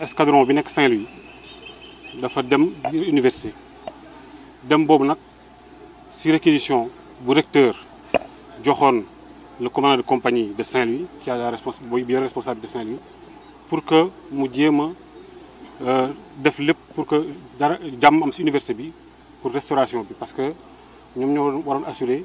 escadron bi Saint-Louis dafa dem université dem bobu nak si réquisition bu recteur joxone le commandant de compagnie de Saint-Louis qui a la bien responsable de Saint-Louis pour que nous euh, djema pour que dara am université bi pour restauration parce que nous ñoo assurer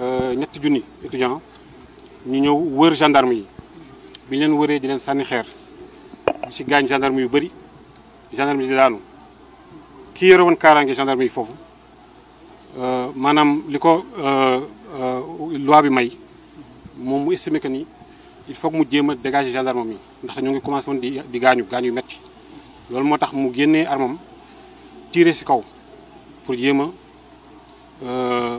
Euh, ñetti junni étudiant ñu ñëw wër gendarme yi bi ñu leen wëree di leen sànni xeer ñu si gaañ gendarme yu bëri gendarme yi di daanu ki yore woon kaaraange gendarme yi foofu euh, maanaam li ko euh, loi bi may moom mu estimé que ni il faut mu jéem a dégager gendarme mi ndax ñu ngi commencé woon di di gaañu yu metti loolu moo tax mu génnee armam tiré si kaw pour jéem a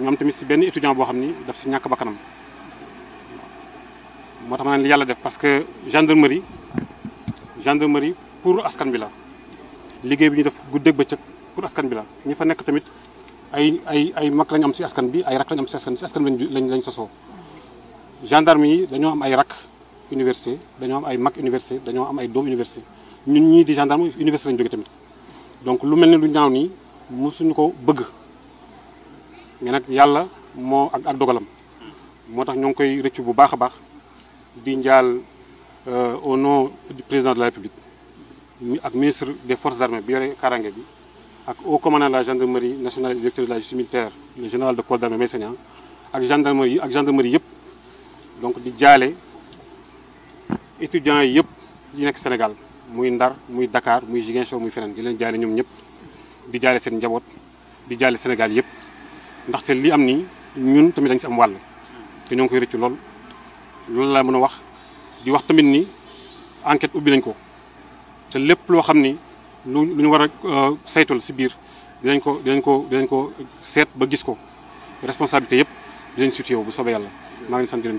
Je suis tamit étudiant qui a daf si Je suis que tax la parce que gendarmerie gendarmerie pour askan bi la liggéey bi ñu def pour askan bi la ñi fa tamit askan bi ay rak am askan bi askan lañ lañ université dañu am ay université am ay université ñun di gendarme université donc lu melni lu ñaaw ko bëgg mais nak yalla mo ak ak dogalam moo tax koy rëccu bu baax a baax di njaal euh, au nom du président de la république ak ministre des forces armées bi yoré kaaraange bi ak haut commandant de la gendarmerie nationale et directeur de la justice militaire le général de corps d'armée Meïssa Niang ak gendarmerie ak gendarmerie yépp donc di jalé étudiants yépp yëpp yi nekk Sénégal muy Ndar muy Dakar muy Ziguinchor muy fenen di leen jalé ñom ñépp di jalé sen njaboot di jalé Sénégal yépp ndaxte li am nii ñun tamit dañ si am wàll te ñoo ngi koy rëccu lool loolu laa mën a wax di wax tamit ni enquête ubbi nañ ko te lépp loo xam ni lu lu ñu war a euh, saytul si biir dinañ ko dinañ ko dinañ ko seet ba gis ko responsabilité yëpp dinañ situé wu bu soobee yàlla maa ngi sant di